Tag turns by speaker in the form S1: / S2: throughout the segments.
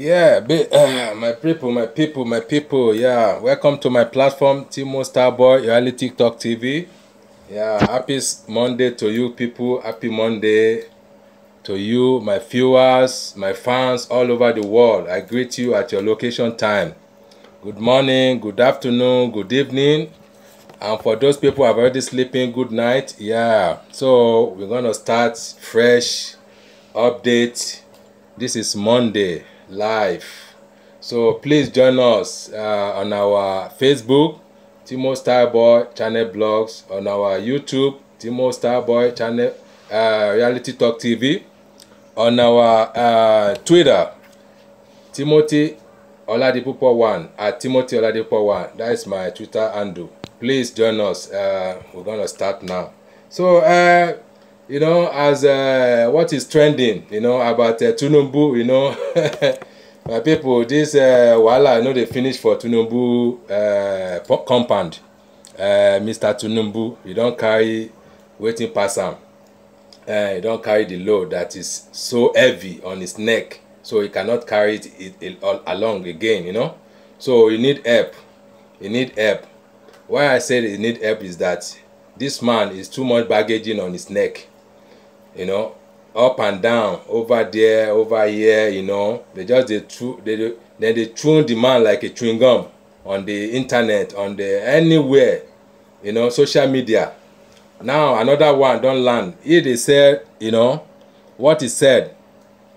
S1: Yeah, be, uh, my people, my people, my people. Yeah, welcome to my platform, Timo Starboy Reality TikTok TV. Yeah, happy Monday to you, people. Happy Monday to you, my viewers, my fans all over the world. I greet you at your location time. Good morning, good afternoon, good evening. And for those people who are already sleeping, good night. Yeah, so we're going to start fresh update. This is Monday. live. So please join us uh, on our Facebook, Timo Starboy Channel Blogs, on our YouTube, Timo Starboy Channel uh, Reality Talk TV, on our uh, Twitter, Timothy Oladipupo1 at Timothy Oladipupo1. That is my Twitter handle. Please join us. Uh, we're going to start now. So, uh, you know, as uh, what is trending, you know, about uh, Tunumbu, you know. my people this uh, wahala no dey finish for tinubu uh, compound uh, mr tinubu e don carry wetin pass am uh, e don carry the load that is so heavy on his neck so he cannot carry it, it, it all along again you know so he need help he need help why i say he need help is that this man is too much baggaging on his neck you know up and down over there over here you know they just dey chew they dey chew the man like a chewing gum on the internet on the anywhere you know social media now another one don land he dey sell you know what he said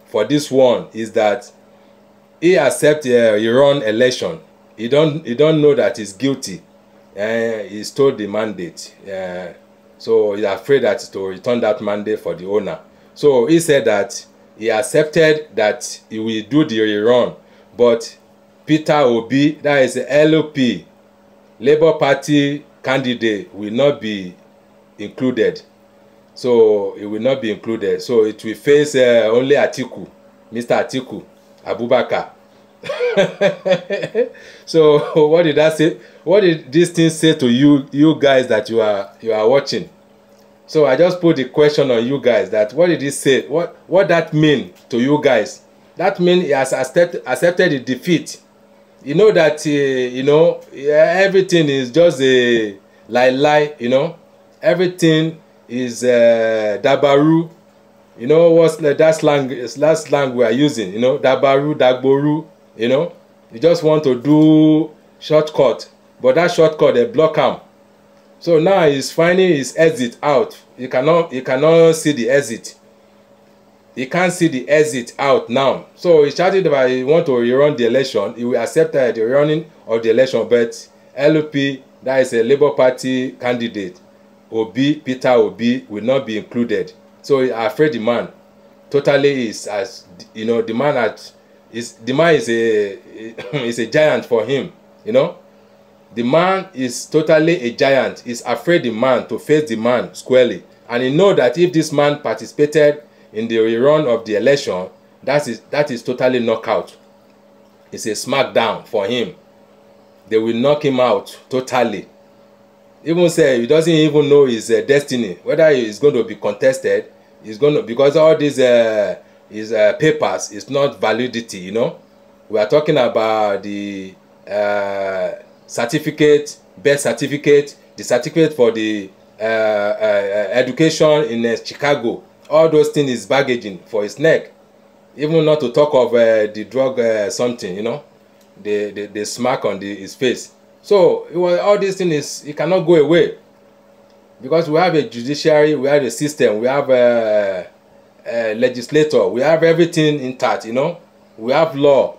S1: for this one is that he accept uh, iran election he don he don know that he's guilty uh, eh, he stole the mandate uh, so he's afraid that to return that mandate for the owner So he said that he accepted that he will do the rerun, but Peter Obi, that is LP, Labour Party candidate, will not be included. So he will not be included. So it will face uh, only Atiku, Mr. Atiku Abubakar. so what did that say? What did this thing say to you, you guys that you are you are watching? So I just put the question on you guys that what did he say? What what that mean to you guys? That mean he has accept, accepted the defeat. You know that uh, you know everything is just a lie lie. You know everything is uh, dabaru. You know what's uh, that slang? That slang we are using. You know dabaru dagboru. You know you just want to do shortcut, but that shortcut they block am. So now he's finding his exit out. You cannot, you cannot see the exit. He can't see the exit out now. So he shouted that he want to rerun the election. He will accept uh, the running of the election, but LP, that is a Labour Party candidate, Obi, Peter Obi, will not be included. So he afraid the man. Totally is as you know, the man at is the man is a is a giant for him, you know. The man is totally a giant, he's afraid the man to face the man squarely. And he know that if this man participated in the rerun of the election, that is, that is totally knockout. It's a smackdown for him. They will knock him out totally. Even say he doesn't even know his uh, destiny, whether he's going to be contested, he's going to, because all these uh, his uh, papers is not validity, you know. We are talking about the uh, certificate birth certificate the certificate for the uh, uh, education in uh, Chicago all those things is baggaging for his neck even not to talk of uh, the drug uh, something you know the the the smack on the his face so it was, all these things is it cannot go away because we have a judiciary we have a system we have a, uh, a uh, legislator we have everything intact you know we have law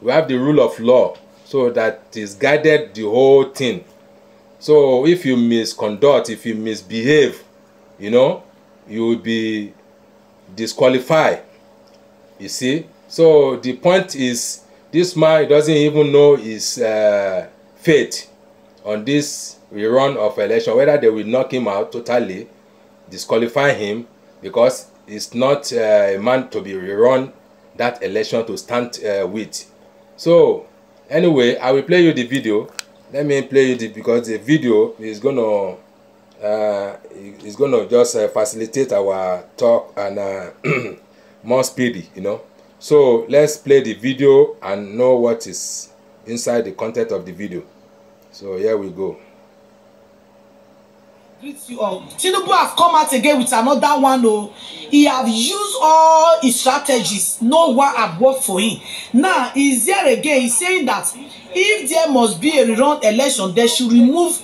S1: we have the rule of law So that is guided the whole thing. So if you misconduct, if you misbehave, you know, you will be disqualified. You see? So the point is, this man doesn't even know his uh, fate on this rerun of election, whether they will knock him out totally, disqualify him, because he's not uh, a man to be rerun that election to stand uh, with. So anyway i will play you the video let me play you the because the video is gonna uh, is gonna just uh, facilitate our talk and uh, more speedy you know so let's play the video and know what is inside the content of the video so here we go
S2: greet you all. Tinubu have come out again with another one oh. He have used all his strategies. No one have worked for him. Now he's there again. He's saying that if there must be a rerun election, they should remove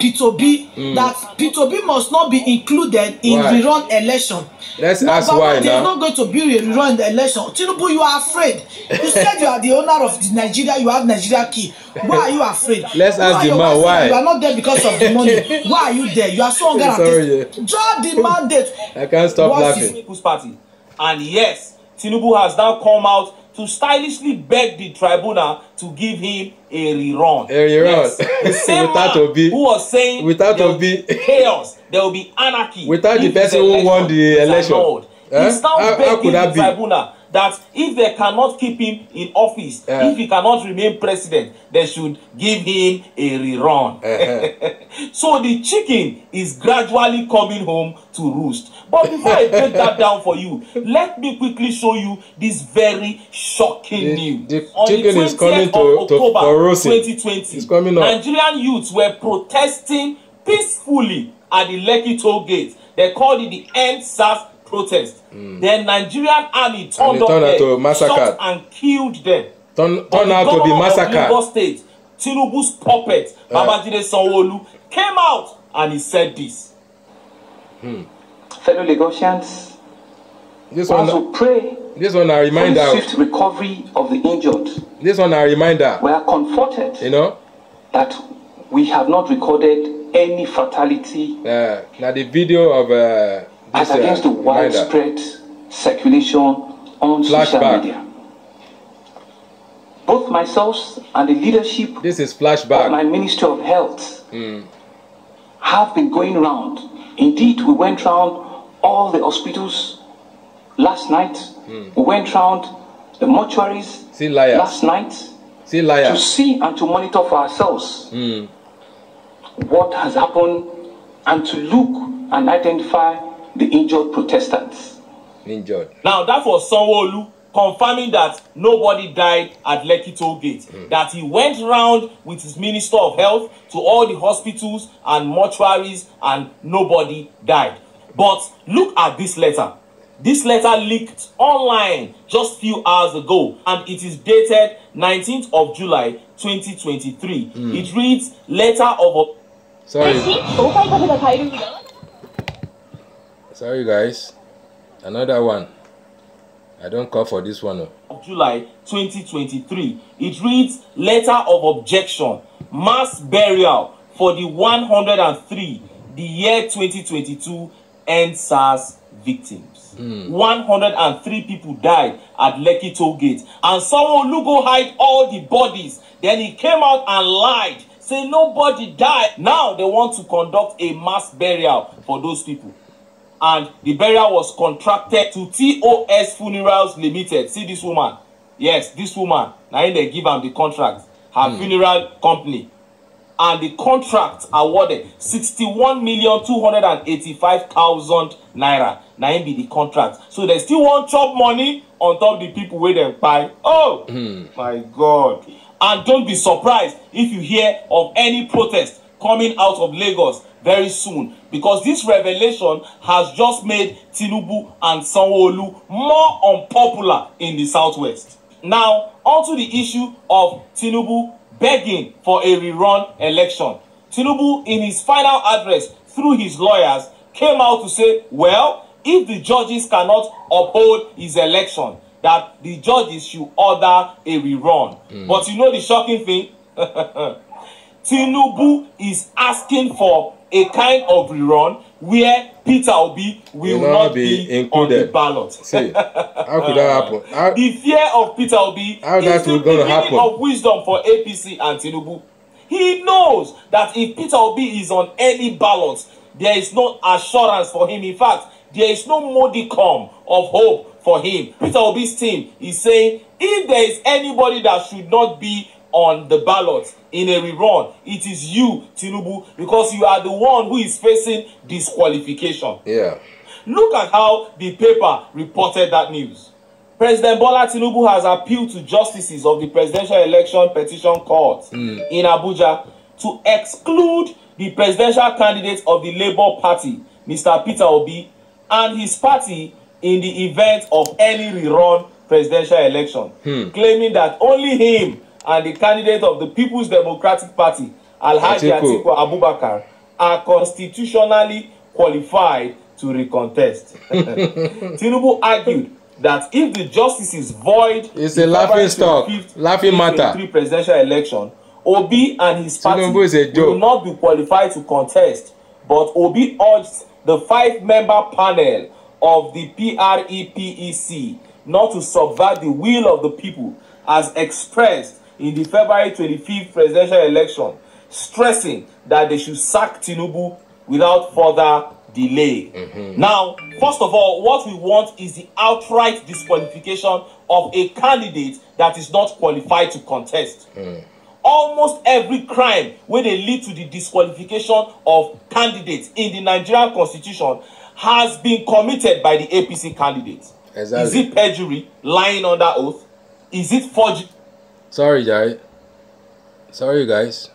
S2: P2B, mm. that P2B must not be included in why? rerun election. Let's no, ask why now. They're not going to be rerun election. Tinubu, you are afraid. You said you are the owner of the Nigeria, you have Nigeria key. Why are you afraid? Let's why ask the man why. You are not there because of the money. why are you there? You are so hungry. Draw the mandate. I can't stop What's laughing. Party. And yes, Tinubu has now come out to stylishly beg the tribunal to give him a rerun.
S1: A rerun. Yes. The same without man Obi. who was saying without there will be chaos,
S2: there will be anarchy. Without the person who won the election. Huh? He's now how, begging how the tribunal that if they cannot keep him in office, uh, if he cannot remain president, they should give him a rerun. uh so the chicken is gradually coming home to roost. But before I break that down for you, let me quickly show you this very shocking the, news. The On chicken the 20th is coming of to, October to,
S1: 2020, it's coming up.
S2: Nigerian youths were protesting peacefully at the Lekki toll gate. They called it the End SARS protest. Mm. Then Nigerian army
S1: turned, turned up there, shot
S2: and killed them.
S1: Turn, turn out to be massacred.
S2: State, Tinubu's puppet, uh. Babajide Sanwo-Olu, came out and he said this.
S1: Hmm. Fellow Lagosians, this one, to pray this one a reminder for the swift recovery of the injured. This one a reminder. We are comforted, you know, that we have not recorded any fatality. Uh, eh, now the video of. Uh, as against uh, the widespread circulation
S2: on Flashback. social media.
S1: Both myself and the
S2: leadership this is flashback. of my Ministry of Health mm. have been going round. Indeed, we went round all the hospitals last night. Mm. We went round the mortuaries see liar. last night see liar. to see and to monitor for ourselves mm. what has happened and to look and identify the injured Protestants. Injured. Now, that was sanwo confirming that nobody died at Lekki toll gate. Mm. That he went round with his Minister of Health to all the hospitals and mortuaries and nobody died. But look at this letter. This letter leaked online just few hours ago and it is dated 19th of July
S1: 2023. Mm. It reads letter of... Sorry. sorry guys another one i don call for this one of oh.
S2: july 2023 it reads letter of objection mass burial for the 103 the year 2022 endsars victims. Mm. 103 people died at Lekki toll gate and someone go hide all the bodies then he came out and lied say nobody died. Now they want to conduct a mass burial for those people and the burial was contracted to TOS Funerals Limited. See this woman? Yes, this woman. Na im dey give am the contract. Her mm. funeral company. And the contract awarded 61 million thousand naira. Na im be the contract. So they still wan chop money on top the people wey dem kpai. Oh! Mm. My God! And don't be surprised if you hear of any protest coming out of Lagos very soon because this revelation has just made Tinubu and Sanwo-Olu more unpopular in the southwest. Now, onto the issue of Tinubu begging for a rerun election. Tinubu, in his final address through his lawyers, came out to say, well, if the judges cannot uphold his election, that the judges should order a rerun. Mm. But you know the shocking thing? Tinubu is asking for a kind of rerun where Peter Obi will, will not, not be, be included. on the ballot. See, how could that happen? How, the fear of Peter Obi how is the beginning happen? of wisdom for APC and Tinubu. He knows that if Peter Obi is on any ballot, there is no assurance for him. In fact, there is no modicum of hope for him. Peter Obi's team is saying if there is anybody that should not be on the ballot in a rerun. It is you, Tinubu, because you are the one who is facing disqualification. Yeah. Look at how the paper reported that news. President Bola Tinubu has appealed to justices of the Presidential Election Petition Court mm. in Abuja to exclude the presidential candidate of the Labour Party, Mr. Peter Obi, and his party in the event of any rerun presidential election, hmm. claiming that only him and the candidate of the People's Democratic Party, Alhaji Atiku Abubakar, are constitutionally qualified to recontest. Tinubu argued that if the justice is void, it's a laughing stock, laughing matter. Three presidential election, Obi and his party will not be qualified to contest. But Obi urged the five-member panel of the PREPEC not to subvert the will of the people as expressed in the February 25th presidential election, stressing that they should sack Tinubu without further delay. Mm -hmm. Now, first of all, what we want is the outright disqualification of a candidate that is not qualified to contest. Mm. Almost every crime where they lead to the disqualification of candidates in the Nigerian constitution has been committed by the APC candidates. Exactly. Is it perjury, lying under oath? Is it forgery? Sorry, guy. Sorry, you guys.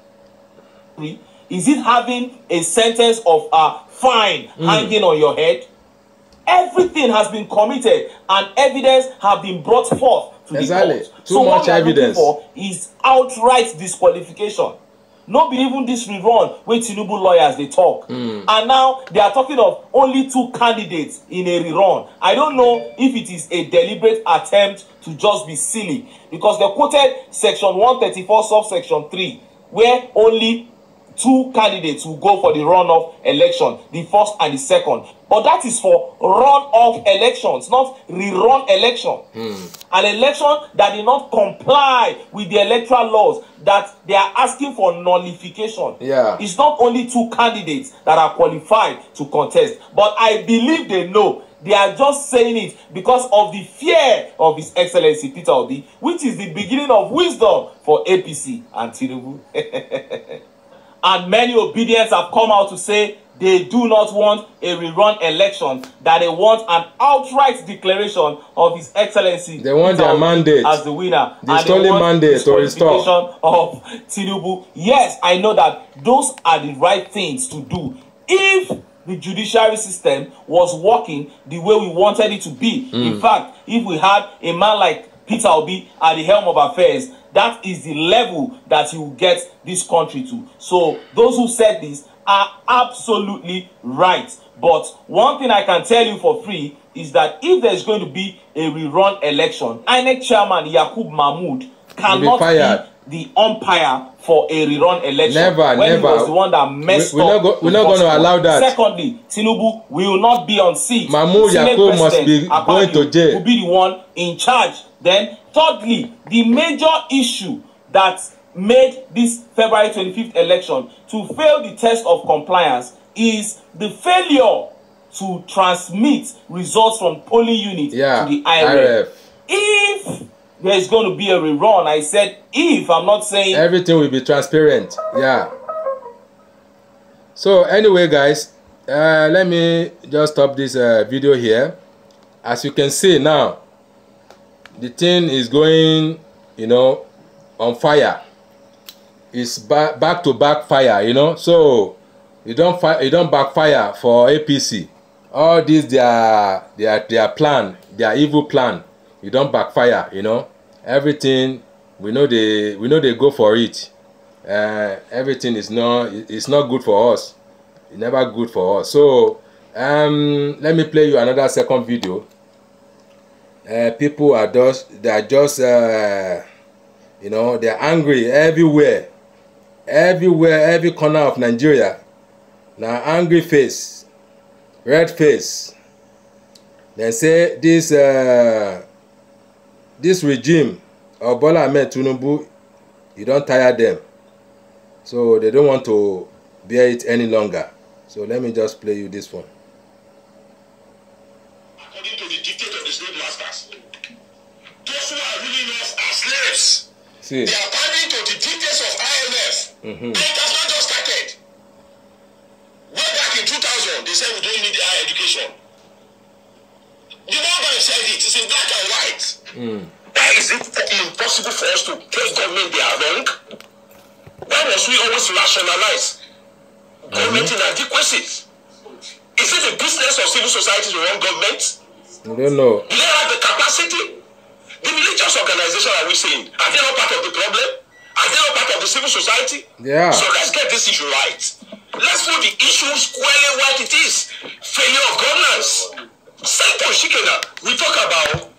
S2: Is it having a sentence of a uh, fine mm. hanging on your head? Everything has been committed and evidence have been brought forth to exactly. the court. Too so much what evidence. For is outright disqualification. no be even this rerun wey tinubu lawyers dey talk mm. and now they are talking of only two candidates in a rerun i don't know if it is a deliberate attempt to just be silly because they quoted section 134 subsection 3 where only two candidates will go for the runoff election, the first and the second. But that is for runoff elections, not rerun election. Mm. An election that did not comply with the electoral laws that they are asking for nullification. Yeah. It's not only two candidates that are qualified to contest, but I believe they know they are just saying it because of the fear of his excellency peter obi which is the beginning of wisdom for apc and tinubu And many obedience have come out to say they do not want a rerun election, that they want an outright declaration of His Excellency. They want their mandate as the winner. The stolen mandate or restore of Tinubu. Yes, I know that those are the right things to do. If the judiciary system was working the way we wanted it to be. Mm. In hmm. fact, if we had a man like Peter Obi at the helm of affairs That is the level that you get this country to. So those who said this are absolutely right. But one thing I can tell you for free is that if there's going to be a rerun election, INEC chairman Yakub Mahmood cannot be the umpire for a rerun election. Never, when never. He was the one that messed we, we're up. Not go, we're not going to allow that. Secondly, Tinubu will not be on seat. Mahmoud Yakub must be
S1: going to jail. Will
S2: be the one in charge Then, thirdly, the major issue that made this February 25th election to fail the test of compliance is the failure to transmit results from polling units yeah, to the IRF. IRF. If there is going to be a rerun, I said if, I'm not saying...
S1: Everything will be transparent, yeah. So anyway, guys, uh, let me just stop this uh, video here. As you can see now, the thing is going you know on fire it's back back to backfire you know so you don't fire you don't backfire for apc all this their their their plan their evil plan you don't backfire you know everything we know they we know they go for it uh, everything is not it's not good for us it's never good for us so um let me play you another second video uh, people are just they are just uh, you know they are angry everywhere everywhere every corner of nigeria na angry face red face dem say this uh, this regime of bola ahmed tinubu e don tire dem so they don want to bear it any longer so let me just play you this one.
S3: See. They are according to the details of IMF. Mm-hmm. And it has not just started. Way back in 2000, they said we don't need higher education. The one guy said it, it's in black and white. Mm. Why is it impossible for us to take government they are wrong? Why must we always rationalize mm-hmm. government inadequacies? Is it the business of civil society to run government? I
S1: don't know. Do they
S3: have the capacity? The religious organization are we saying? Are they not part of the problem? Are they not part of the civil society?
S1: Yeah. So let's
S3: get this issue right. Let's put the issue squarely what it is. Failure of governance. Simple shikena. We talk about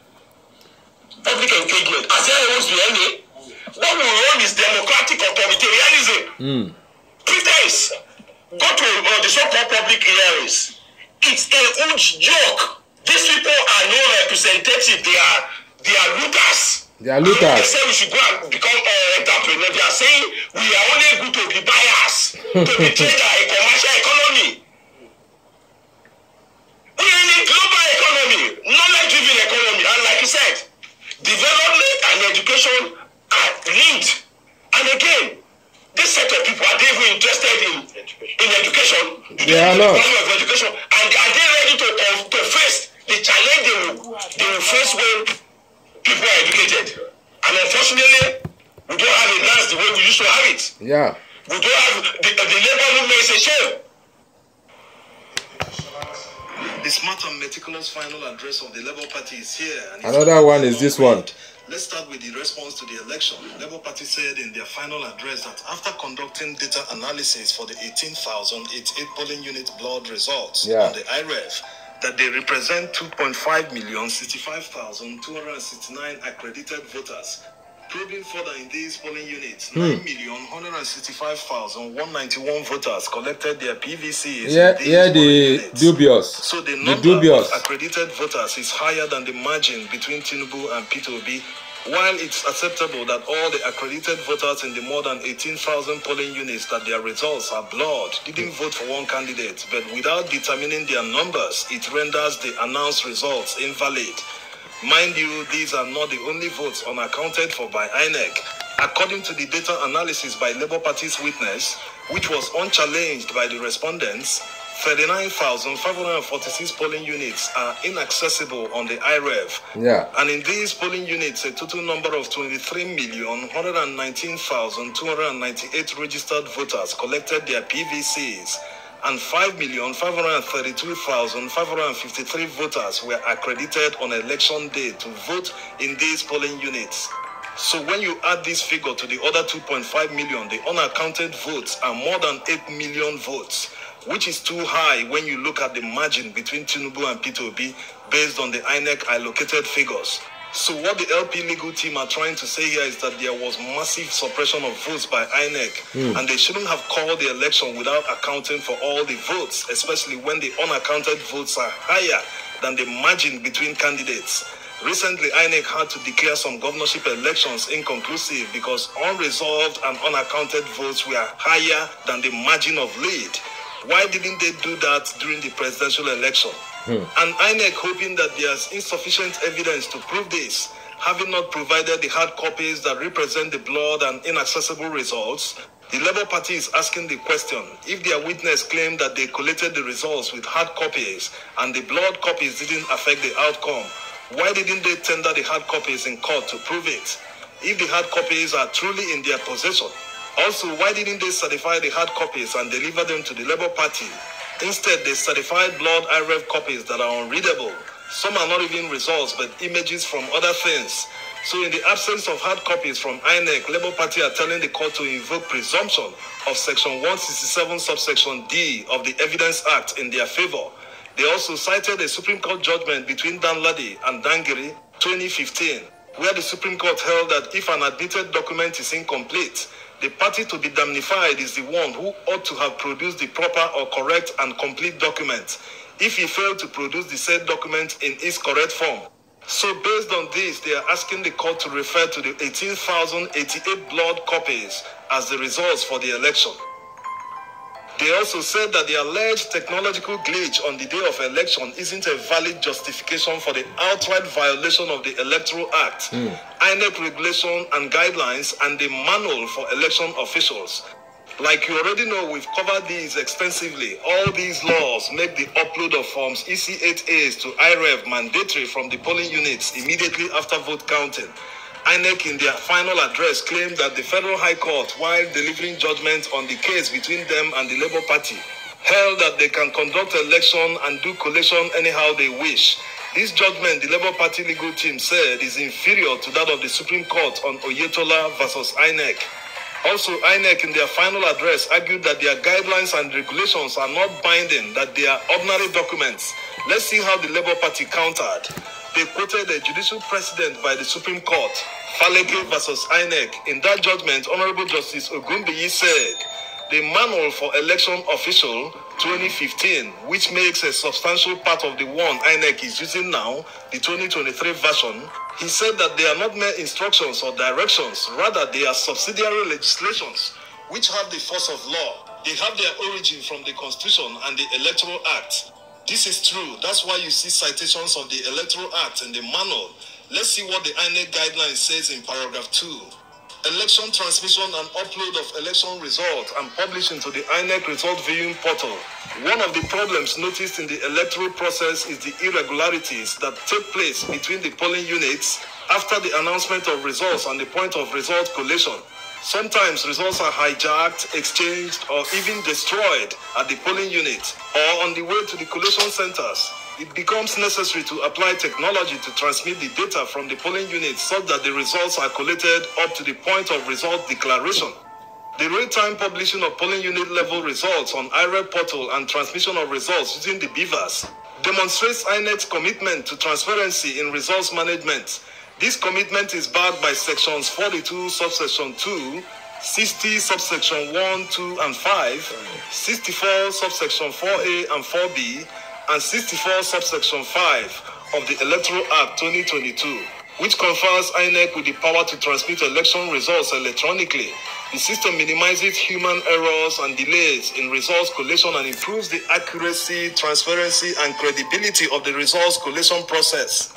S3: public engagement. As there always be any. What we want is democratic authoritarianism. Mm. Critics Go to uh, the so-called public areas. It's a huge joke. These people are no representative. They are they are looters.
S1: They are looters. They say
S3: we should go and become uh, entrepreneurs. They are saying we are only good to be buyers, to be trader, a commercial economy. We are in a global economy, knowledge-driven economy, and like you said, development and education are linked. And again, this set of people are they even interested in education. in education? Do they are not. the of education? And are they ready to, uh, to face the challenge they will, they will face when people are educated. And unfortunately,
S1: we don't have it now the way we used to have it. Yeah. We don't have the, the labor movement is a show.
S4: The smart and meticulous final address of the Labour Party is here.
S1: Another one is this one.
S4: Let's start with the response to the election. Labour Party said in their final address that after conducting data analysis for the 18,088 polling unit blood results yeah. on the IREF, that they represent 2.5 million 65,269 accredited voters. Probing further in these polling units, hmm. 9,165,191 voters collected their PVCs. Yeah, yeah, the units. dubious. So the number the dubious. of accredited voters is higher than the margin between Tinubu and Peter Obi while it's acceptable that all the accredited voters in the more than 18,000 polling units that their results are blurred didn't vote for one candidate, but without determining their numbers, it renders the announced results invalid. Mind you, these are not the only votes unaccounted for by INEC. According to the data analysis by Labour Party's witness, which was unchallenged by the respondents, 39,546 polling units are inaccessible on the IREV. Yeah. And in these polling units, a total number of 23,119,298 registered voters collected their PVCs and 5,532,553 voters were accredited on election day to vote in these polling units. So when you add this figure to the other 2.5 million, the unaccounted votes are more than 8 million votes which is too high when you look at the margin between Tinubu and p 2 based on the INEC allocated figures. So what the LP legal team are trying to say here is that there was massive suppression of votes by INEC, mm. and they shouldn't have called the election without accounting for all the votes, especially when the unaccounted votes are higher than the margin between candidates. Recently, INEC had to declare some governorship elections inconclusive because unresolved and unaccounted votes were higher than the margin of lead. Why didn't they do that during the presidential election? Hmm. And INEC hoping that there's insufficient evidence to prove this, having not provided the hard copies that represent the blood and inaccessible results, the Labour Party is asking the question if their witness claimed that they collated the results with hard copies and the blood copies didn't affect the outcome, why didn't they tender the hard copies in court to prove it? If the hard copies are truly in their possession, also, why didn't they certify the hard copies and deliver them to the Labour Party? Instead, they certified blood IRF copies that are unreadable. Some are not even results, but images from other things. So, in the absence of hard copies from INEC, Labour Party are telling the court to invoke presumption of Section 167, subsection D of the Evidence Act in their favor. They also cited a Supreme Court judgment between Dan Ladi and Dangiri 2015, where the Supreme Court held that if an admitted document is incomplete, The party to be damnified is the one who ought to have produced the proper or correct and complete document if he failed to produce the said document in its correct form. So based on this, they are asking the court to refer to the 18,088 blood copies as the results for the election. They also said that the alleged technological glitch on the day of election isn't a valid justification for the outright violation of the Electoral Act, mm. regulation and guidelines, and the manual for election officials. Like you already know, we've covered these extensively. All these laws make the upload of forms EC8As to IREV mandatory from the polling units immediately after vote counting. INEC in their final address claimed that the Federal High Court, while delivering judgment on the case between them and the Labour Party, held that they can conduct election and do collation anyhow they wish. This judgment, the Labour Party legal team said, is inferior to that of the Supreme Court on Oyetola versus INEC. Also, INEC in their final address argued that their guidelines and regulations are not binding, that they are ordinary documents. Let's see how the Labour Party countered. They quoted a judicial precedent by the Supreme Court Faleke versus INEC. In that judgment, Honorable Justice Ogunbiyi said the manual for election official 2015, which makes a substantial part of the one INEC is using now, the 2023 version, he said that they are not mere instructions or directions, rather they are subsidiary legislations which have the force of law. They have their origin from the Constitution and the Electoral Act. This is true. That's why you see citations of the Electoral Act and the manual Let's see what the INEC guideline says in paragraph 2. Election transmission and upload of election results and publishing into the INEC result viewing portal. One of the problems noticed in the electoral process is the irregularities that take place between the polling units after the announcement of results and the point of result collation. Sometimes results are hijacked, exchanged, or even destroyed at the polling unit or on the way to the collation centers it becomes necessary to apply technology to transmit the data from the polling units so that the results are collated up to the point of result declaration. The real-time publishing of polling unit level results on IREP portal and transmission of results using the beavers demonstrates INET's commitment to transparency in results management. This commitment is backed by sections 42 subsection 2 60 subsection 1, 2, and 5, 64 subsection 4A and 4B, and 64, subsection 5 of the Electoral Act 2022, which confers INEC with the power to transmit election results electronically. The system minimizes human errors and delays in results collation and improves the accuracy, transparency, and credibility of the results collation process.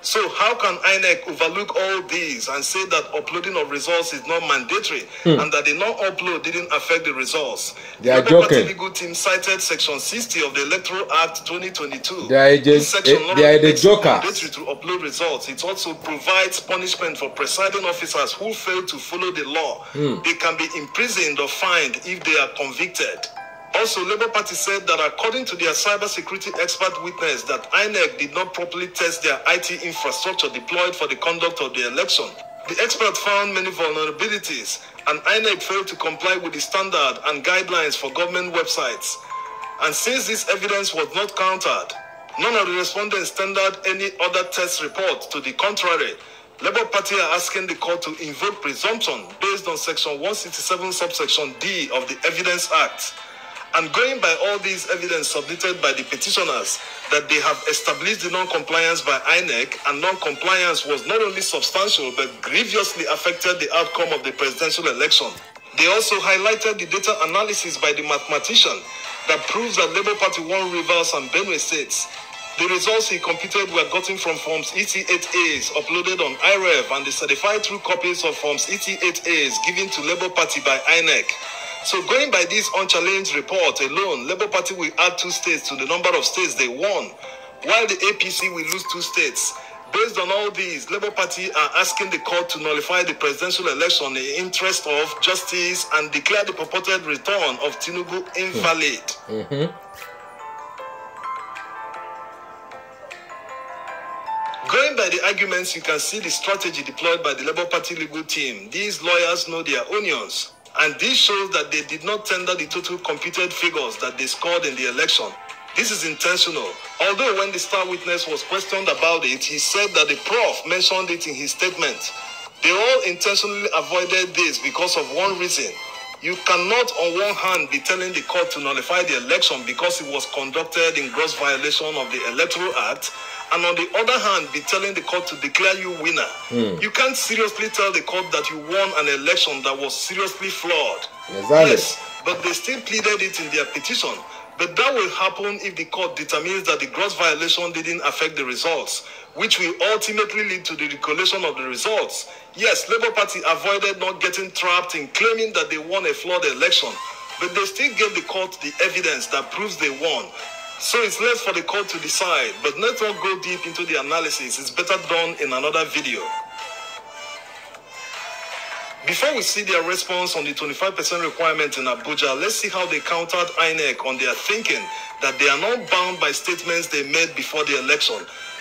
S4: So how can INEC overlook all these and say that uploading of results is not mandatory hmm. and that the non-upload didn't affect the results? They are the joking. legal team cited Section 60 of the Electoral Act 2022. They are, just, section it, they are the joker. Mandatory to upload results. It also provides punishment for presiding officers who fail to follow the law. Hmm. They can be imprisoned or fined if they are convicted. Also, Labour Party said that according to their cybersecurity expert witness that INEC did not properly test their IT infrastructure deployed for the conduct of the election. The expert found many vulnerabilities and INEC failed to comply with the standard and guidelines for government websites. And since this evidence was not countered, none of the respondents tendered any other test report to the contrary. Labour Party are asking the court to invoke presumption based on Section 167, subsection D of the Evidence Act. And going by all these evidence submitted by the petitioners that they have established the non-compliance by INEC and non-compliance was not only substantial but grievously affected the outcome of the presidential election. They also highlighted the data analysis by the mathematician that proves that Labour Party won Rivers and Benue states. The results he computed were gotten from Forms ET8As uploaded on IREV and the certified true copies of Forms ET8As given to Labour Party by INEC. So going by this unchallenged report alone, Labour Party will add two states to the number of states they won, while the APC will lose two states. Based on all these, Labour Party are asking the court to nullify the presidential election in the interest of justice and declare the purported return of Tinubu invalid. Mm-hmm. Going by the arguments, you can see the strategy deployed by the Labour Party legal team. These lawyers know their onions. and this shows that they did not tender the total computed figures that they scored in the election. This is intentional. Although when the star witness was questioned about it, he said that the prof mentioned it in his statement. They all intentionally avoided this because of one reason. You cannot, on one hand, be telling the court to nullify the election because it was conducted in gross violation of the Electoral Act, and on the other hand, be telling the court to declare you winner. Mm. You can't seriously tell the court that you won an election that was seriously flawed. Exactly. Yes, but they still pleaded it in their petition. But that will happen if the court determines that the gross violation didn't affect the results, which will ultimately lead to the recollection of the results. Yes, Labour Party avoided not getting trapped in claiming that they won a flawed election, but they still gave the court the evidence that proves they won. So it's left for the court to decide, but let's not go deep into the analysis. It's better done in another video. Before we see their response on the 25% requirement in Abuja, let's see how they countered INEC on their thinking that they are not bound by statements they made before the election.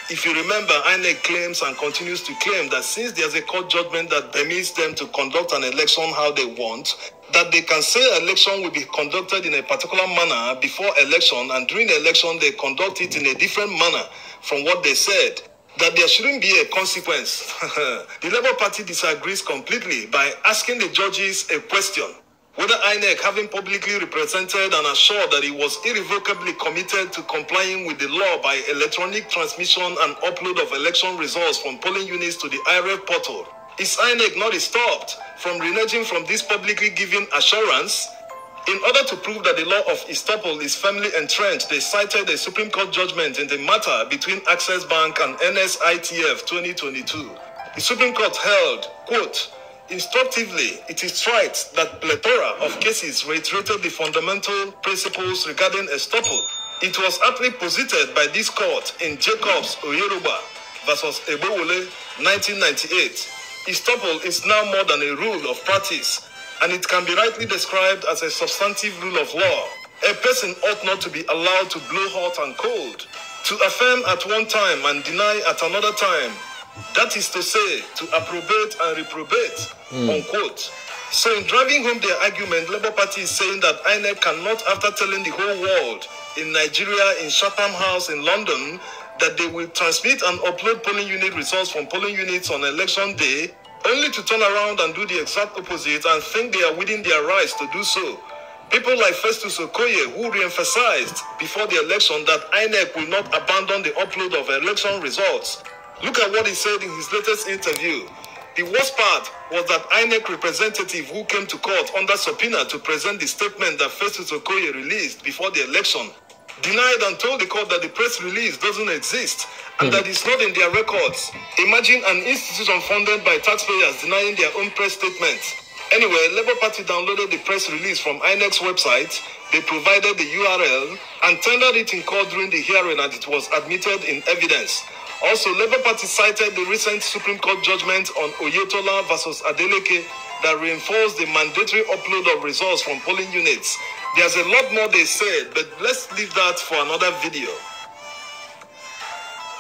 S4: If you remember, INEC claims and continues to claim that since there's a court judgment that permits them to conduct an election how they want, that they can say election will be conducted in a particular manner before election and during election they conduct it in a different manner from what they said. that there shouldn't be a consequence. the Labour Party disagrees completely by asking the judges a question whether INEC, having publicly represented and assured that he was irrevocably committed to complying with the law by electronic transmission and upload of election results from polling units to the IRF portal, is INEC not stopped from reneging from this publicly given assurance In order to prove that the law of estoppel is firmly entrenched, they cited a Supreme Court judgment in the matter between Access Bank and NSITF 2022. The Supreme Court held, quote, Instructively, it is right that plethora of cases reiterated the fundamental principles regarding estoppel. It was aptly posited by this court in Jacobs Oyeruba versus Ebowole 1998. Estoppel is now more than a rule of practice and it can be rightly described as a substantive rule of law. A person ought not to be allowed to blow hot and cold, to affirm at one time and deny at another time. That is to say, to approbate and reprobate, mm. unquote. So in driving home their argument, Labour Party is saying that INEC cannot, after telling the whole world in Nigeria, in Chatham House, in London, that they will transmit and upload polling unit results from polling units on election day only to turn around and do the exact opposite and think they are within their rights to do so. People like Festus Okoye, who re-emphasized before the election that INEC will not abandon the upload of election results. Look at what he said in his latest interview. The worst part was that INEC representative who came to court under subpoena to present the statement that Festus Okoye released before the election denied and told the court that the press release doesn't exist and that it's not in their records. Imagine an institution funded by taxpayers denying their own press statements. Anyway, Labour Party downloaded the press release from INEX website. They provided the URL and tendered it in court during the hearing and it was admitted in evidence. Also, Labour Party cited the recent Supreme Court judgment on Oyetola versus Adeleke that reinforced the mandatory upload of results from polling units there's a lot more they said, but let's leave that for another video.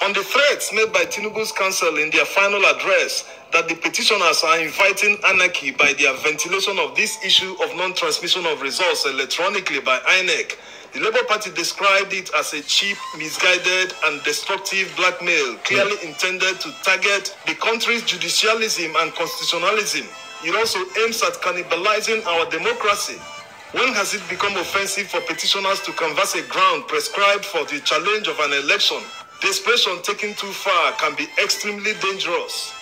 S4: On the threats made by Tinubu's council in their final address that the petitioners are inviting anarchy by their ventilation of this issue of non-transmission of results electronically by INEC, the Labour Party described it as a cheap, misguided, and destructive blackmail clearly hmm. intended to target the country's judicialism and constitutionalism. It also aims at cannibalizing our democracy when has it become offensive for petitioners to canvass a ground prescribed for the challenge of an election? Desperation taken too far can be extremely dangerous.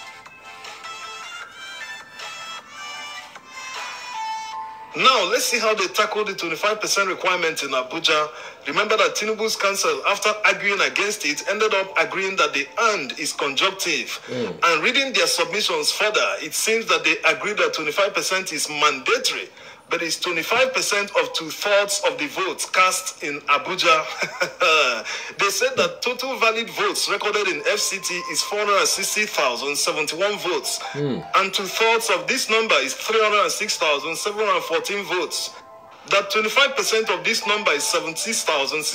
S4: Now, let's see how they tackled the 25% requirement in Abuja. Remember that Tinubu's council, after arguing against it, ended up agreeing that the and is conjunctive. Mm. And reading their submissions further, it seems that they agreed that 25% is mandatory but it's 25% of two thirds of the votes cast in Abuja. they said that total valid votes recorded in FCT is 460,071 votes, mm. and two thirds of this number is 306,714 votes that 25% of this number is 76,678.5.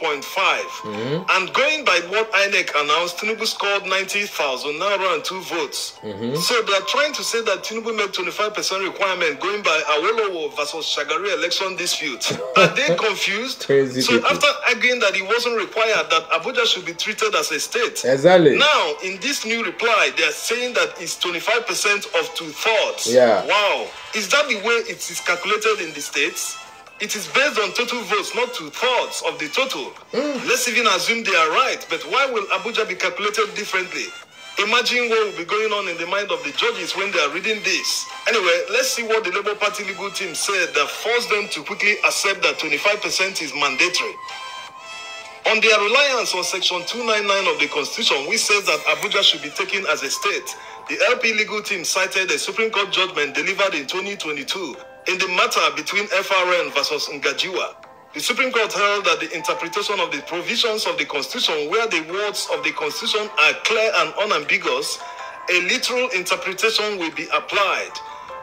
S4: Mm-hmm. And going by what INEC announced, Tinubu scored 90,902 votes.
S3: Mm-hmm. So
S4: they are trying to say that Tinubu met 25% requirement going by Awolowo versus Shagari election dispute. are they confused? Crazy so people. after arguing that it wasn't required, that Abuja should be treated as a state. Exactly. Now, in this new reply, they are saying that it's 25% of two thirds. Yeah. Wow. Is that the way it is calculated in the states? It is based on total votes, not two thirds of the total. Mm. Let's even assume they are right, but why will Abuja be calculated differently? Imagine what will be going on in the mind of the judges when they are reading this. Anyway, let's see what the Labour Party legal team said that forced them to quickly accept that 25% is mandatory. On their reliance on Section 299 of the Constitution, which says that Abuja should be taken as a state, the LP legal team cited a Supreme Court judgment delivered in 2022 in the matter between FRN versus Ngajiwa. The Supreme Court held that the interpretation of the provisions of the Constitution where the words of the Constitution are clear and unambiguous, a literal interpretation will be applied.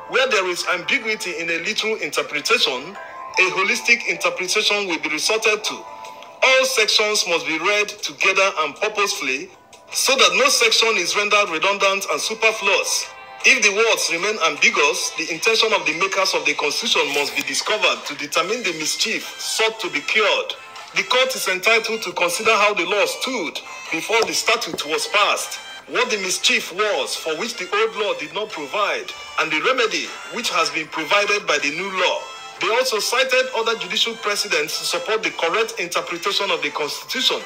S4: Where there is ambiguity in a literal interpretation, a holistic interpretation will be resorted to. All sections must be read together and purposefully so that no section is rendered redundant and superfluous. If the words remain ambiguous, the intention of the makers of the Constitution must be discovered to determine the mischief sought to be cured. The court is entitled to consider how the law stood before the statute was passed, what the mischief was for which the old law did not provide, and the remedy which has been provided by the new law. They also cited other judicial precedents to support the correct interpretation of the Constitution.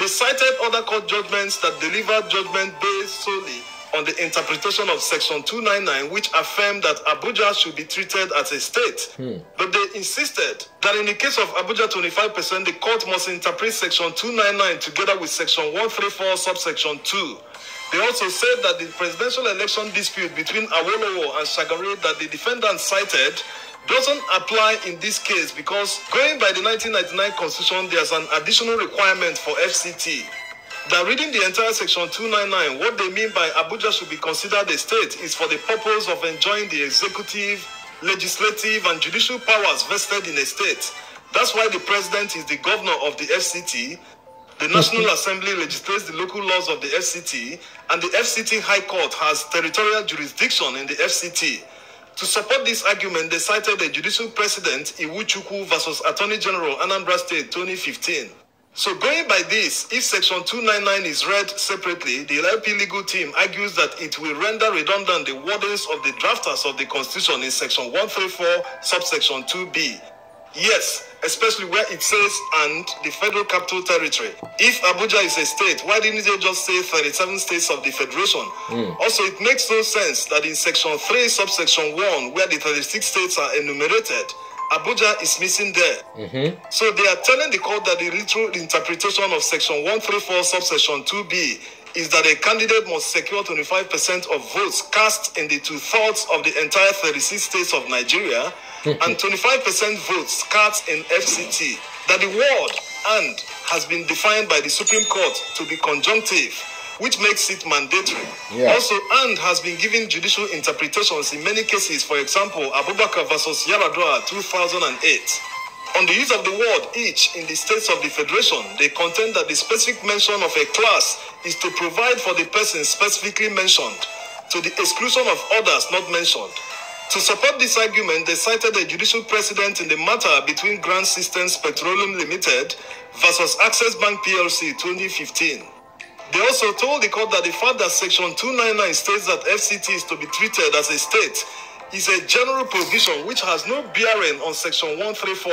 S4: They cited other court judgments that delivered judgment based solely on the interpretation of Section 299, which affirmed that Abuja should be treated as a state. Hmm. But they insisted that in the case of Abuja 25%, the court must interpret Section 299 together with Section 134, subsection 2. They also said that the presidential election dispute between Awolowo and Shagare that the defendants cited doesn't apply in this case because going by the 1999 constitution, there's an additional requirement for FCT. That reading the entire section 299, what they mean by Abuja should be considered a state is for the purpose of enjoying the executive, legislative, and judicial powers vested in a state. That's why the president is the governor of the FCT. The National Assembly legislates the local laws of the FCT, and the FCT High Court has territorial jurisdiction in the FCT. To support this argument, they cited the judicial precedent Iwuchukwu versus Attorney General Anambra State 2015. So going by this, if Section 299 is read separately, the LIP legal team argues that it will render redundant the wordings of the drafters of the Constitution in Section 134, subsection 2b, Yes, especially where it says and the Federal Capital Territory. If Abuja is a state, why didn't they just say 37 states of the Federation? Mm. Also, it makes no sense that in Section 3, subsection 1, where the 36 states are enumerated, Abuja is missing there. Mm-hmm. So they are telling the court that the literal interpretation of Section 134, subsection 2b is that a candidate must secure 25% of votes cast in the two thirds of the entire 36 states of Nigeria and 25% votes cast in FCT. That the word and has been defined by the Supreme Court to be conjunctive, which makes it mandatory. Yeah. Also, and has been given judicial interpretations in many cases, for example, Abubakar versus Yaradua 2008. On the use of the word each in the states of the Federation, they contend that the specific mention of a class is to provide for the person specifically mentioned, to the exclusion of others not mentioned. To support this argument, they cited a judicial precedent in the matter between Grand Systems Petroleum Limited versus Access Bank PLC 2015. They also told the court that the fact that Section 299 states that FCT is to be treated as a state is a general provision which has no bearing on Section 134.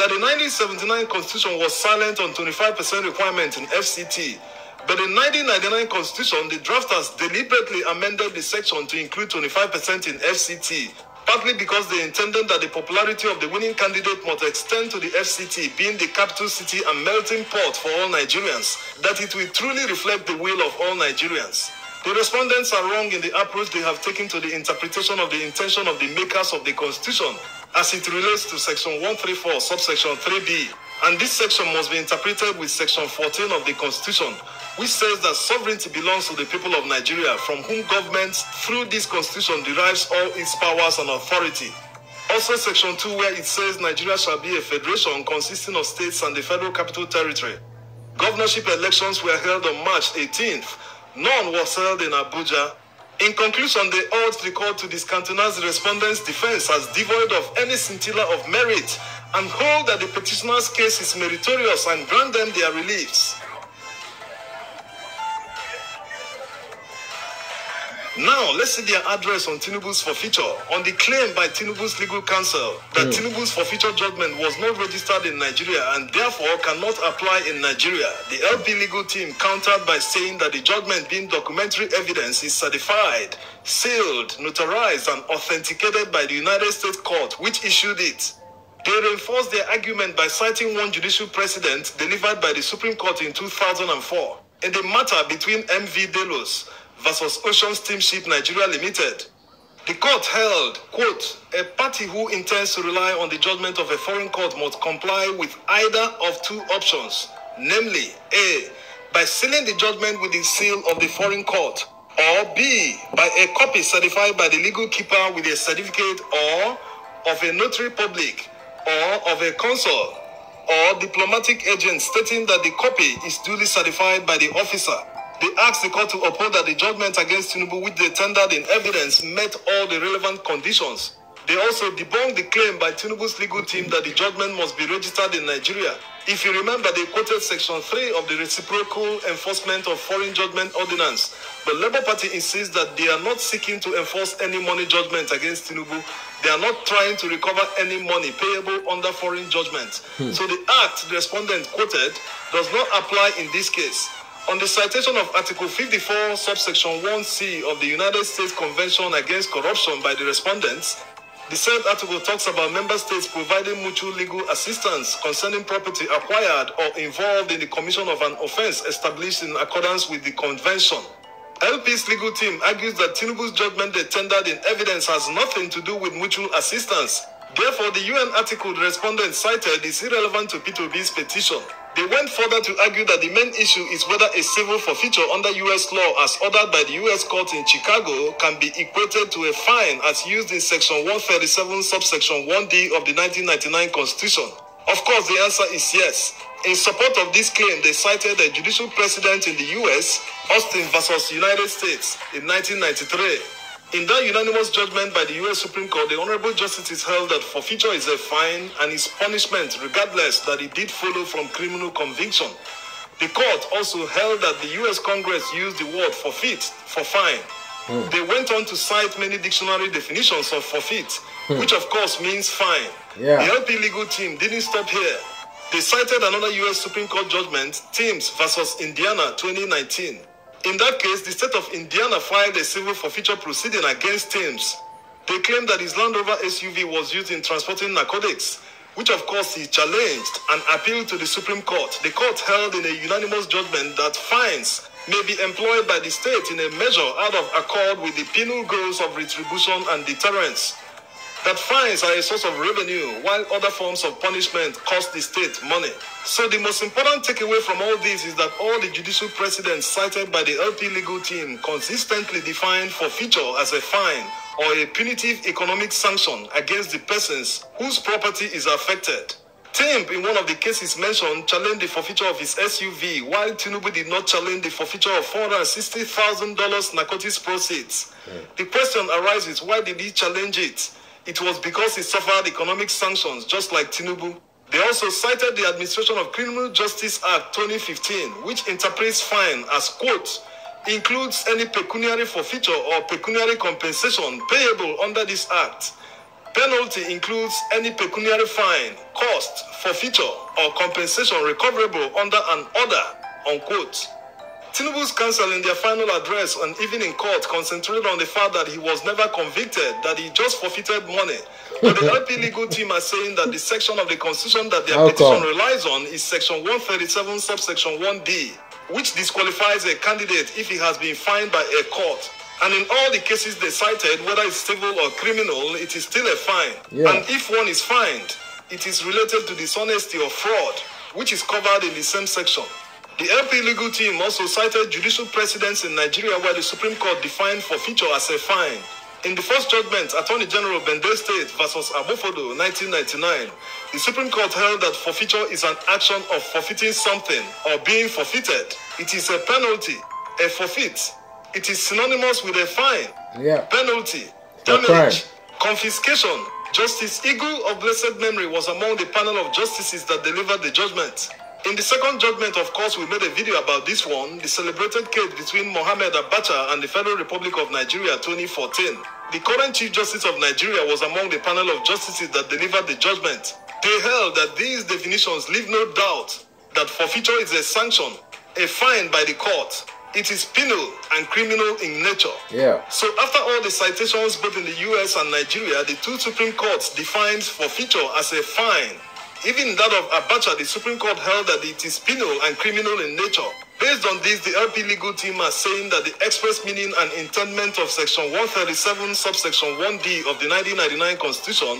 S4: That the 1979 Constitution was silent on 25% requirement in FCT, but in 1999 Constitution, the drafters deliberately amended the section to include 25% in FCT, partly because they intended that the popularity of the winning candidate must extend to the FCT being the capital city and melting pot for all Nigerians, that it will truly reflect the will of all Nigerians. The respondents are wrong in the approach they have taken to the interpretation of the intention of the makers of the Constitution as it relates to Section 134, subsection 3b. And this section must be interpreted with Section 14 of the Constitution, which says that sovereignty belongs to the people of Nigeria, from whom government, through this Constitution, derives all its powers and authority. Also, Section 2, where it says Nigeria shall be a federation consisting of states and the Federal Capital Territory. Governorship elections were held on March 18th None was held in Abuja. In conclusion, they urged the court to discountenance the respondent's defense as devoid of any scintilla of merit and hold that the petitioner's case is meritorious and grant them their reliefs. Now, let's see their address on Tinubu's forfeiture on the claim by Tinubu's legal counsel that mm. Tinubu's forfeiture judgment was not registered in Nigeria and therefore cannot apply in Nigeria. The LP legal team countered by saying that the judgment being documentary evidence is certified, sealed, notarized, and authenticated by the United States court which issued it. They reinforced their argument by citing one judicial precedent delivered by the Supreme Court in 2004 in the matter between MV Delos versus Ocean Steamship Nigeria Limited, the court held, quote, a party who intends to rely on the judgment of a foreign court must comply with either of two options, namely, A, by sealing the judgment with the seal of the foreign court, or B, by a copy certified by the legal keeper with a certificate or of a notary public or of a consul or diplomatic agent stating that the copy is duly certified by the officer. They asked the court to uphold that the judgment against Tinubu, which they tendered in evidence, met all the relevant conditions. They also debunked the claim by Tinubu's legal team that the judgment must be registered in Nigeria. If you remember, they quoted Section 3 of the Reciprocal Enforcement of Foreign Judgment Ordinance. The Labour Party insists that they are not seeking to enforce any money judgment against Tinubu. They are not trying to recover any money payable under foreign judgment. Hmm. So the act the respondent quoted does not apply in this case on the citation of Article 54, subsection 1C of the United States Convention Against Corruption by the respondents, the said article talks about member states providing mutual legal assistance concerning property acquired or involved in the commission of an offense established in accordance with the convention. LP's legal team argues that Tinubu's judgment they tendered in evidence has nothing to do with mutual assistance. Therefore, the UN article the respondent cited is irrelevant to P2B's petition. They went further to argue that the main issue is whether a civil forfeiture under U.S. law, as ordered by the U.S. court in Chicago, can be equated to a fine as used in Section 137, subsection 1D of the 1999 Constitution. Of course, the answer is yes. In support of this claim, they cited a judicial precedent in the U.S., Austin versus United States, in 1993. In that unanimous judgment by the U.S. Supreme Court, the Honorable is held that forfeiture is a fine and is punishment, regardless that it did follow from criminal conviction. The court also held that the U.S. Congress used the word forfeit for fine. Hmm. They went on to cite many dictionary definitions of forfeit, hmm. which of course means fine. Yeah. The LP legal team didn't stop here. They cited another U.S. Supreme Court judgment, Teams versus Indiana 2019, In that case, the state of Indiana filed a civil forfeiture proceeding against Thames. They claimed that his Land Rover SUV was used in transporting narcotics, which of course he challenged and appealed to the Supreme Court. The court held in a unanimous judgment that fines may be employed by the state in a measure out of accord with the penal goals of retribution and deterrence. that fines are a source of revenue while other forms of punishment cost the state money. So the most important takeaway from all this is that all the judicial precedents cited by the LP legal team consistently defined forfeiture as a fine or a punitive economic sanction against the persons whose property is affected. Timp, in one of the cases mentioned, challenged the forfeiture of his SUV, while Tinubu did not challenge the forfeiture of $460,000 narcotics proceeds. Mm. The question arises, why did he challenge it? it was because he suffered economic sanctions, just like Tinubu. They also cited the Administration of Criminal Justice Act 2015, which interprets fine as, quote, includes any pecuniary forfeiture or pecuniary compensation payable under this act. Penalty includes any pecuniary fine, cost, forfeiture, or compensation recoverable under an order, unquote. Tinubu's counsel in their final address and even in court concentrated on the fact that he was never convicted, that he just forfeited money. But the LP legal team are saying that the section of the constitution that their okay. petition relies on is section 137, subsection 1D, which disqualifies a candidate if he has been fined by a court. And in all the cases they cited, whether it's civil or criminal, it is still a fine. Yeah. And if one is fined, it is related to dishonesty or fraud, which is covered in the same section. The LP legal team also cited judicial precedents in Nigeria where the Supreme Court defined forfeiture as a fine. In the first judgment, Attorney General Bende State versus Abofodo, 1999, the Supreme Court held that forfeiture is an action of forfeiting something or being forfeited. It is a penalty, a forfeit. It is synonymous with a fine, yeah. penalty, damage, confiscation. Justice Eagle of Blessed Memory was among the panel of justices that delivered the judgment. In the second judgment, of course, we made a video about this one, the celebrated case between Mohamed Abacha and the Federal Republic of Nigeria 2014. The current Chief Justice of Nigeria was among the panel of justices that delivered the judgment. They held that these definitions leave no doubt that forfeiture is a sanction, a fine by the court. It is penal and criminal in nature. Yeah. So after all the citations both in the US and Nigeria, the two Supreme Courts defined forfeiture as a fine even that of Abacha, the Supreme Court held that it is penal and criminal in nature. Based on this, the LP legal team are saying that the express meaning and intendment of Section 137, subsection 1D of the 1999 Constitution,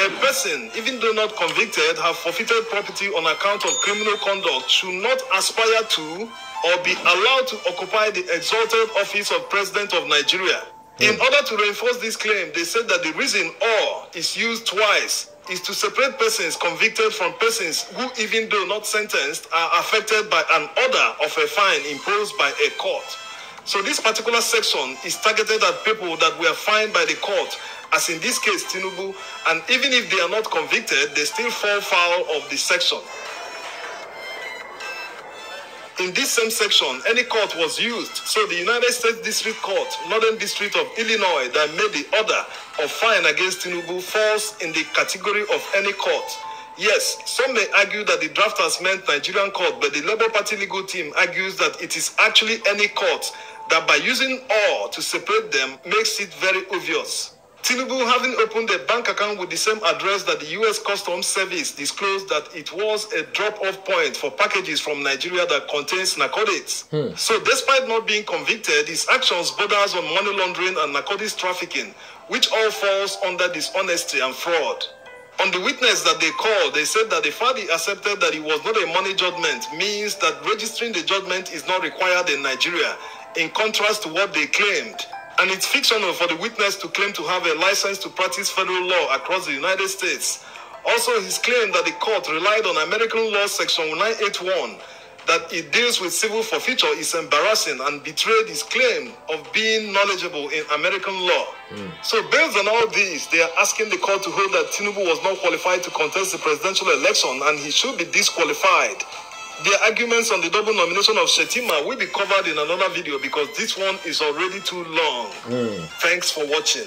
S4: a person, even though not convicted, have forfeited property on account of criminal conduct should not aspire to or be allowed to occupy the exalted office of President of Nigeria. In hmm. order to reinforce this claim, they said that the reason or is used twice is to separate persons convicted from persons who, even though not sentenced, are affected by an order of a fine imposed by a court. So this particular section is targeted at people that were fined by the court, as in this case Tinubu, and even if they are not convicted, they still fall foul of the section. In this same section, any court was used. So the United States District Court, Northern District of Illinois, that made the order of fine against Tinubu falls in the category of any court. Yes, some may argue that the drafters meant Nigerian court, but the Labour Party legal team argues that it is actually any court that by using or to separate them makes it very obvious Tinubu, having opened a bank account with the same address that the U.S. Customs Service disclosed that it was a drop-off point for packages from Nigeria that contains narcotics. Hmm. So, despite not being convicted, his actions borders on money laundering and narcotics trafficking, which all falls under dishonesty and fraud. On the witness that they called, they said that the fact he accepted that it was not a money judgment means that registering the judgment is not required in Nigeria, in contrast to what they claimed. And it's fictional for the witness to claim to have a license to practice federal law across the United States. Also, his claim that the court relied on American law section 981 that it deals with civil forfeiture is embarrassing and betrayed his claim of being knowledgeable in American law. Mm. So, based on all these, they are asking the court to hold that Tinubu was not qualified to contest the presidential election and he should be disqualified the arguments on the double nomination of Shetima will be covered in another video because this one is already too long. Mm. Thanks for watching.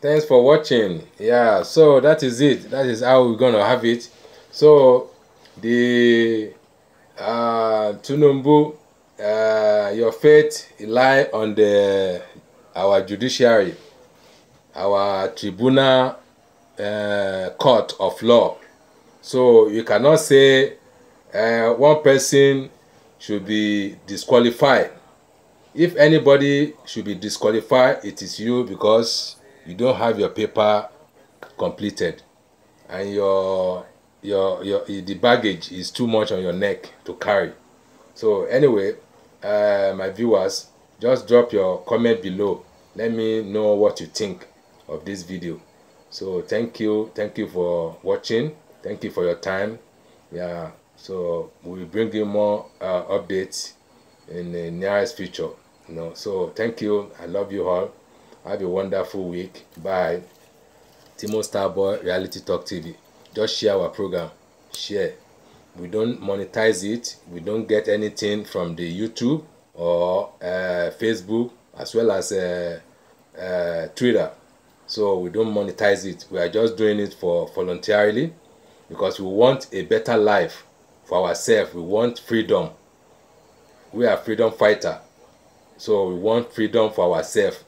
S1: Thanks for watching. Yeah, so that is it. That is how we're gonna have it. So the uh, Tunumbu, uh, your fate lie on the our judiciary, our tribunal uh, court of law. So you cannot say uh, one person should be disqualified. If anybody should be disqualified, it is you because you don't have your paper completed and your your your the baggage is too much on your neck to carry. So anyway, uh, my viewers, just drop your comment below. Let me know what you think of this video. So thank you, thank you for watching. Thank you for your time. Yeah. So we'll bring you more uh, updates in the nearest future. You know, so thank you. I love you all. Have a wonderful week. Bye. Timo Starboy Reality Talk TV. Just share our program. Share. We don't monetize it. We don't get anything from the YouTube or uh, Facebook as well as uh, uh, Twitter. So we don't monetize it. We are just doing it for voluntarily because we want a better life for ourselves. We want freedom. We are freedom fighter. So we want freedom for ourselves.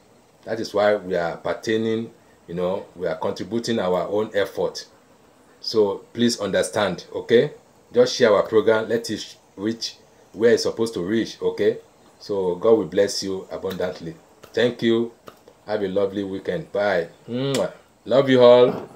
S1: That is why we are pertaining, you know, we are contributing our own effort. So please understand, okay? Just share our program. Let it reach where it's supposed to reach, okay? So God will bless you abundantly. Thank you. Have a lovely weekend. Bye. Love you all.